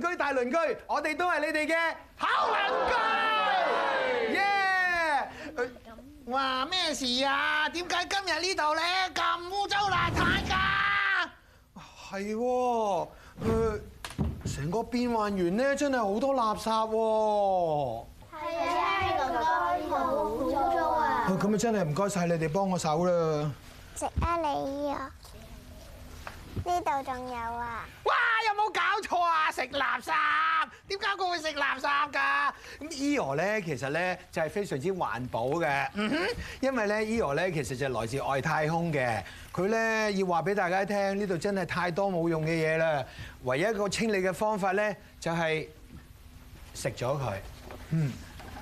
鄰居大鄰居，我哋都係你哋嘅好鄰居，耶！哇，咩事啊？點解今日呢度咧咁污糟邋遢噶？係，誒，成個變幻園咧真係好多垃圾。係啊，哥哥，呢度好污糟啊！咁啊，真係唔該曬你哋幫我手啦。謝啊，你啊！呢度仲有啊！哇，有冇搞錯啊？食垃圾？點解佢會食垃圾噶？咁 Eo 咧，其實咧就係非常之環保嘅。嗯哼，因為咧 Eo 咧其實就來自外太空嘅，佢咧要話俾大家聽，呢度真係太多冇用嘅嘢啦。唯一一個清理嘅方法咧就係食咗佢。嗯，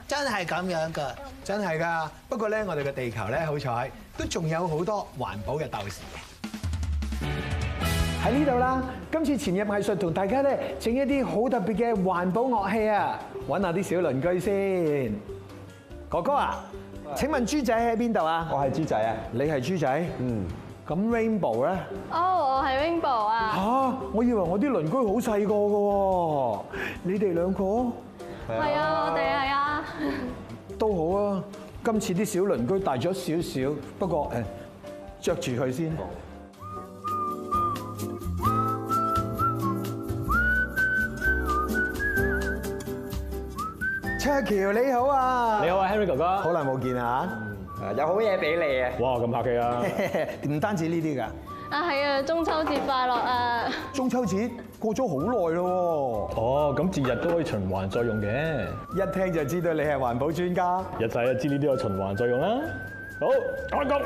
真係咁樣噶？真係噶。不過咧，我哋嘅地球咧好彩都仲有好多環保嘅鬥士。喺呢度啦！今次潛入藝術同大家咧整一啲好特別嘅環保樂器啊！揾下啲小鄰居先。哥哥啊，請問豬仔喺邊度啊？我係豬仔啊，你係豬仔。嗯，咁 Rainbow 咧？哦，我係 Rainbow 啊。嚇，我以為我啲鄰居好細個㗎喎。你哋兩個？係啊，我哋係啊。都好啊，今次啲小鄰居大咗少少，不過誒，著住佢先。卓橋你好啊！你好啊，Harry 哥哥，好耐冇見啊！有好嘢俾你啊！哇，咁客氣啊！唔單止呢啲㗎，啊係啊，中秋節快樂啊！中秋節過咗好耐咯哦，咁節日都可以循環再用嘅，一聽就知道你係環保專家。一睇就知呢啲有循環再用啦。好，開工！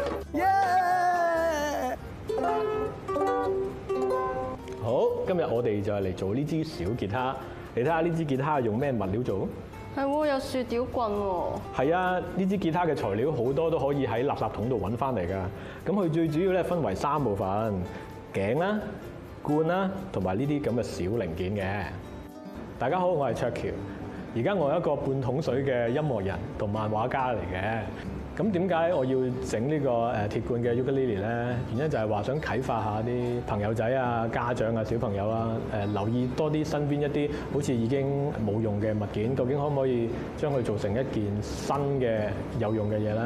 好，今日我哋就嚟做呢支小吉他。你睇下呢支吉他用咩物料做？係喎，有雪條棍喎。係啊，呢支吉他嘅材料好多都可以喺垃圾桶度揾翻嚟㗎。咁佢最主要咧，分為三部分：頸啦、罐啦，同埋呢啲咁嘅小零件嘅。大家好，我係卓橋。而家我係一個半桶水嘅音樂人同漫畫家嚟嘅。咁點解我要整呢個誒鐵罐嘅尤克里里咧？原因就係話想啟發下啲朋友仔啊、家長啊、小朋友啊，留意多啲身邊一啲好似已經冇用嘅物件，究竟可唔可以將佢做成一件新嘅有用嘅嘢咧？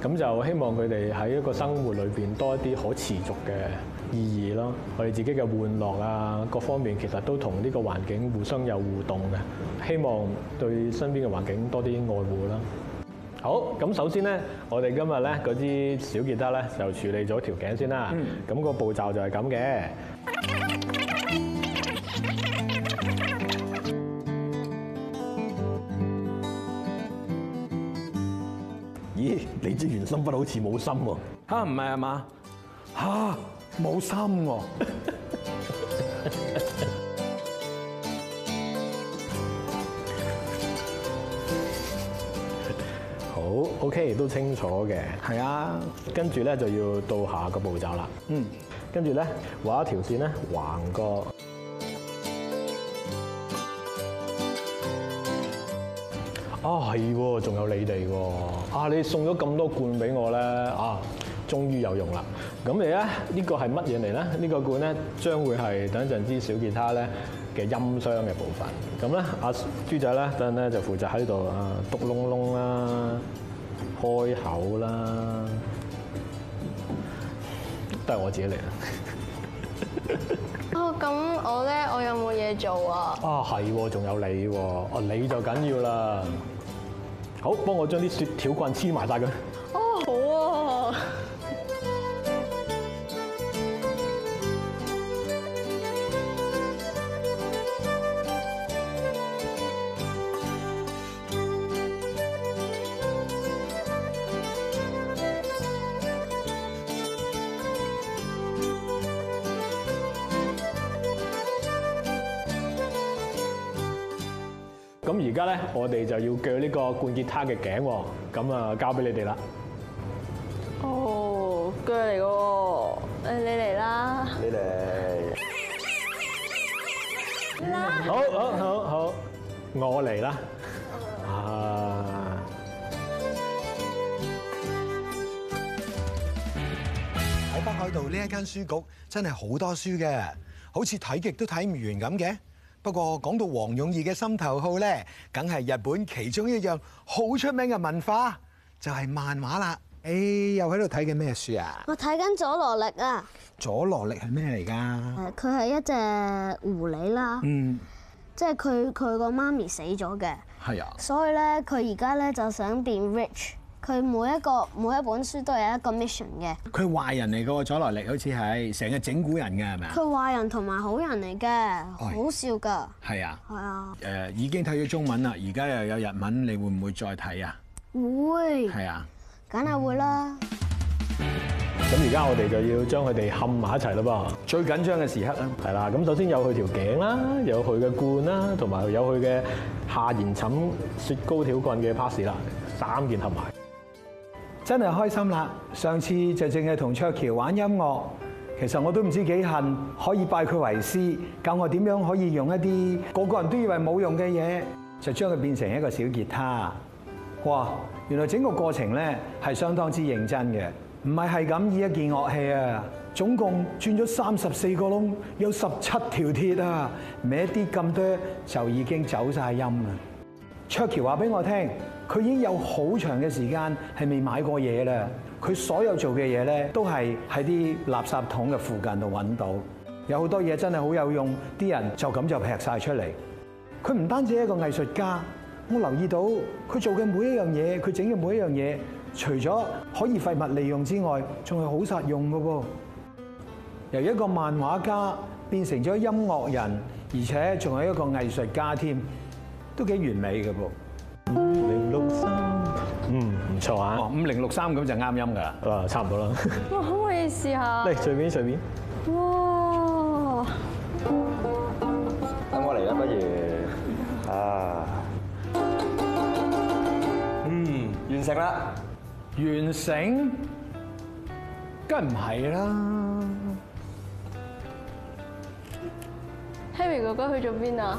咁就希望佢哋喺一個生活裏邊多一啲可持續嘅意義咯。我哋自己嘅玩樂啊，各方面其實都同呢個環境互相有互動嘅，希望對身邊嘅環境多啲愛護啦。好，咁首先咧，我哋今日咧嗰支小吉他咧，就處理咗條頸先啦。咁個步驟就係咁嘅。咦，你隻原子筆好似冇心喎？嚇，唔係啊嘛？吓？冇心喎！k 都清楚嘅，係啊。跟住咧就要到下個步驟啦。嗯，跟住咧畫一條線咧，橫過啊，係喎，仲有你哋喎啊！你送咗咁多罐俾我咧啊，終於有用啦。咁你咧呢個係乜嘢嚟咧？呢個罐咧將會係等一陣之小吉他咧嘅音箱嘅部分。咁咧阿豬仔咧，等陣咧就負責喺度啊篤窿窿啦。開口啦，都係我自己嚟啦。哦，咁我咧，我有冇嘢做啊？啊，係，仲有你，哦，你就緊要啦。好，幫我將啲雪條棍黐埋晒佢。而家咧，我哋就要鋸呢個罐結他嘅頸，咁啊交俾你哋啦。哦，鋸嚟嘅，你嚟啦。你嚟。好，好，好，好，我嚟啦。啊！喺北海道呢一間書局真係好多書嘅，好似睇極都睇唔完咁嘅。不過講到黃勇義嘅心頭好咧，梗係日本其中一樣好出名嘅文化，就係漫畫啦。誒，又喺度睇緊咩書啊？我睇緊佐羅力啊。佐羅力係咩嚟㗎？佢係一隻狐狸啦。嗯。即係佢佢個媽咪死咗嘅。係啊。所以咧，佢而家咧就想變 rich。佢每一個每一本書都有一個 mission 嘅。佢壞人嚟噶，佐羅力好似係成日整蠱人嘅，係咪啊？佢壞人同埋好人嚟嘅、哎，好笑噶。係啊。係啊。誒、呃，已經睇咗中文啦，而家又有日文，你會唔會再睇啊？會。係啊。梗係會啦。咁而家我哋就要將佢哋冚埋一齊咯噃，最緊張嘅時刻啊！係啦，咁首先有佢條頸啦，有佢嘅罐啦，同埋有佢嘅下沿枕雪糕條棍嘅 pass 啦，三件合埋。真係開心啦！上次就淨係同卓橋玩音樂，其實我都唔知幾恨可以拜佢為師，教我點樣可以用一啲個個人都以為冇用嘅嘢，就將佢變成一個小吉他。哇！原來整個過程呢係相當之認真嘅，唔係係咁以一件樂器啊！總共鑽咗三十四個窿，有十七條鐵啊，歪啲咁多就已經走晒音啦。Chucky 話俾我聽，佢已經有好長嘅時間係未買過嘢啦。佢所有做嘅嘢咧，都係喺啲垃圾桶嘅附近度揾到。有好多嘢真係好有用，啲人就咁就劈晒出嚟。佢唔單止係一個藝術家，我留意到佢做嘅每一樣嘢，佢整嘅每一樣嘢，除咗可以廢物利用之外，仲係好實用嘅噃。由一個漫畫家變成咗音樂人，而且仲係一個藝術家添。都幾完美嘅噃，五零六三，嗯，唔錯啊，哇，五零六三咁就啱音㗎，啊，差唔多啦，可唔可以試下？嚟隨便隨便，哇，咁我嚟啦，不如啊，嗯，完成啦，完成，梗係唔係啦，Harry 哥哥去咗邊啊？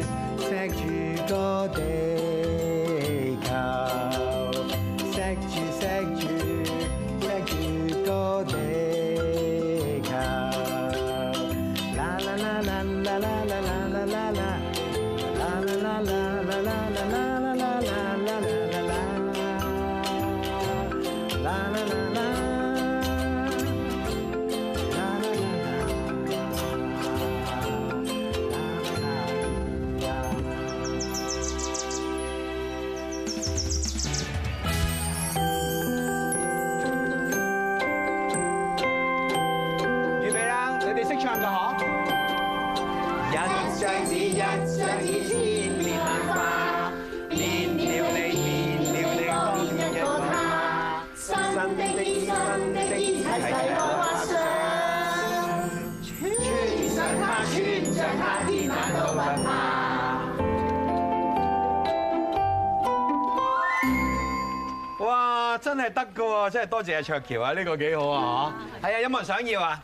真係得㗎喎，真係多謝阿卓橋啊！呢、呢個幾好啊嚇，係、嗯、啊，有冇人想要啊？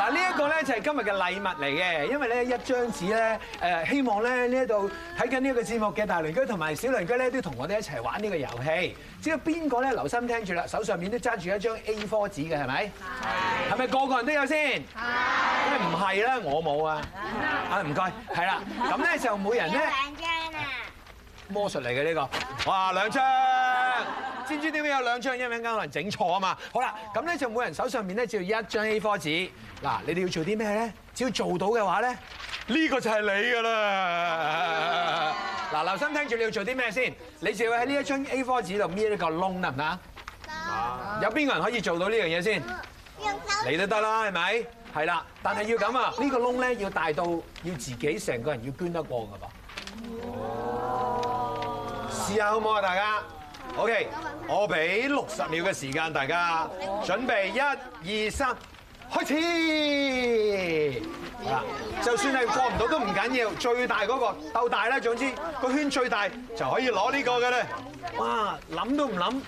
嗱，呢一個咧就係今日嘅禮物嚟嘅，因為咧一張紙咧誒，希望咧呢一度睇緊呢一個節目嘅大鄰居同埋小鄰居咧都同我哋一齊玩呢個遊戲，知道邊個咧留心聽住啦，手上面都揸住一張 A4 紙嘅係咪？係咪個個人都有先？係，因為唔係啦，我冇啊。啊唔該，係啦，咁咧就每人咧兩張啊。魔術嚟嘅呢個，哇兩張。先知點解有兩張，因為可能整錯啊嘛！好啦，咁咧就每人手上面咧就要一張 A4 紙。嗱，你哋要做啲咩咧？只要做到嘅話咧，呢個就係你噶啦！嗱，劉生聽住你要做啲咩先？你就要喺呢一張 A4 紙度搣一個窿，得唔得啊？得。有邊個人可以做到呢樣嘢先？用手嚟就得啦，係咪？係啦，但係要咁啊，呢個窿咧要大到要自己成個人要捐得過㗎噃。試下好唔好啊，大家？O K，我俾六十秒嘅時間大家準備，一二三，開始。嗱，就算係過唔到都唔緊要，最大嗰個鬥大啦。總之，個圈最大就可以攞呢個嘅啦。哇，諗都唔諗，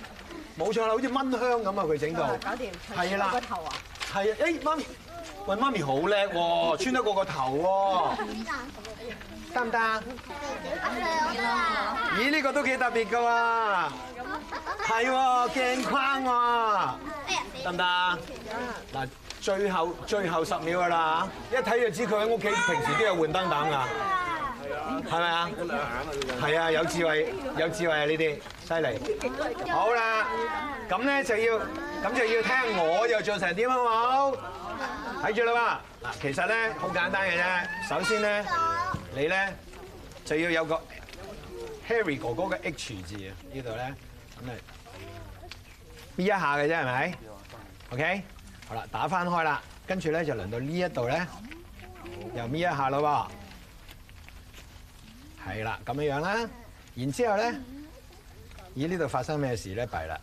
冇錯啦，好似蚊香咁啊！佢整到，搞掂，係啦，個頭啊，係啊。哎，媽咪，喂，媽咪好叻喎，穿得過個頭喎。得唔得？咦呢個都幾特別噶喎，係喎，鏡框喎，得唔得？嗱，最後最後十秒噶啦，一睇，就知佢喺屋企平時都有換燈膽噶，係咪啊？係啊，有智慧，有智慧啊呢啲，犀利。好啦，咁咧就要，咁就要聽我又做成點好唔好？睇住啦嘛。其實咧好簡單嘅啫，首先咧。你咧就要有個 Harry 哥哥嘅 H 字啊！呢度咧咁嚟搣一下嘅啫，係咪？OK，好啦，打翻開啦，跟住咧就輪到呢一度咧，又搣一下咯，係啦，咁樣樣啦，然之後咧，咦呢度發生咩事咧？弊啦！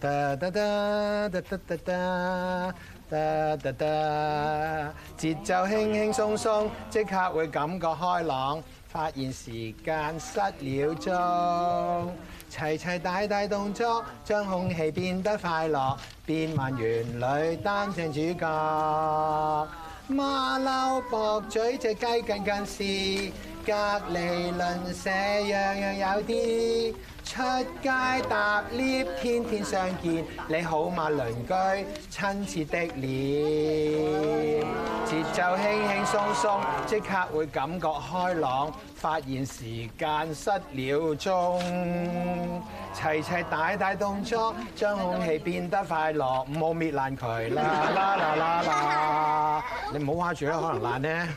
得得得得得得噠噠節奏輕輕松鬆，即刻會感覺開朗，發現時間失了蹤，齊齊大大動作，將空氣變得快樂，變萬員女擔正主角，馬騮駁嘴隻雞近近視，隔離鄰舍樣樣有啲。出街搭 lift，天天相見，你好嗎鄰居，親切的臉，節奏輕輕鬆鬆，即刻會感覺開朗，發現時間失了蹤，齊齊大大動作，將空氣變得快樂，唔好搣爛佢啦啦啦啦啦！你唔好話住啦，可能爛呢？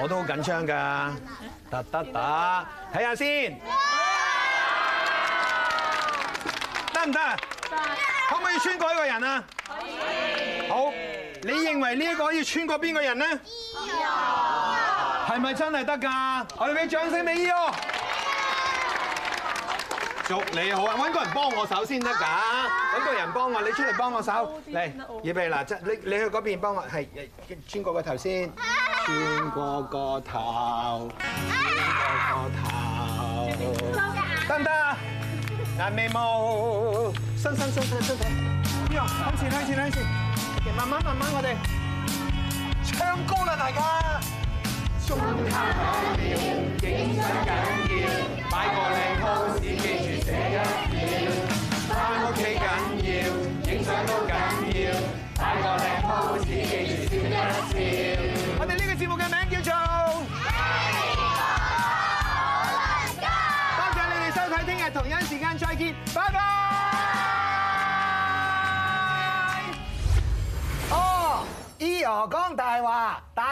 我都好緊張㗎，得得得，睇下先。得唔得啊？得啊！可唔可以穿過一個人啊？可以。好，你認為呢一個可以穿過邊個人呢？依諾。係咪真係得噶？我哋俾掌聲俾依諾。祝你好啊！揾個人幫我手先得㗎。揾個人幫我？你出嚟幫我手嚟。預備嗱，即你你去嗰邊幫我，係穿過個頭先。穿過個頭。穿過個頭。得唔得？眼眉毛，伸伸伸伸身體，邊個？向前向前向前，慢慢慢慢，我哋唱歌啦，大家。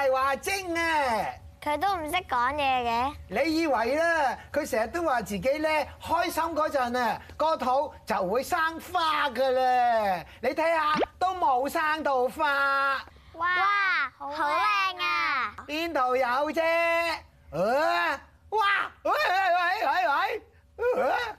係話精啊！佢都唔識講嘢嘅。你以為咧？佢成日都話自己咧開心嗰陣啊，個肚就會生花噶啦！你睇下都冇生到花。哇，好靚啊！邊度有啫？誒！哇！喂喂喂喂！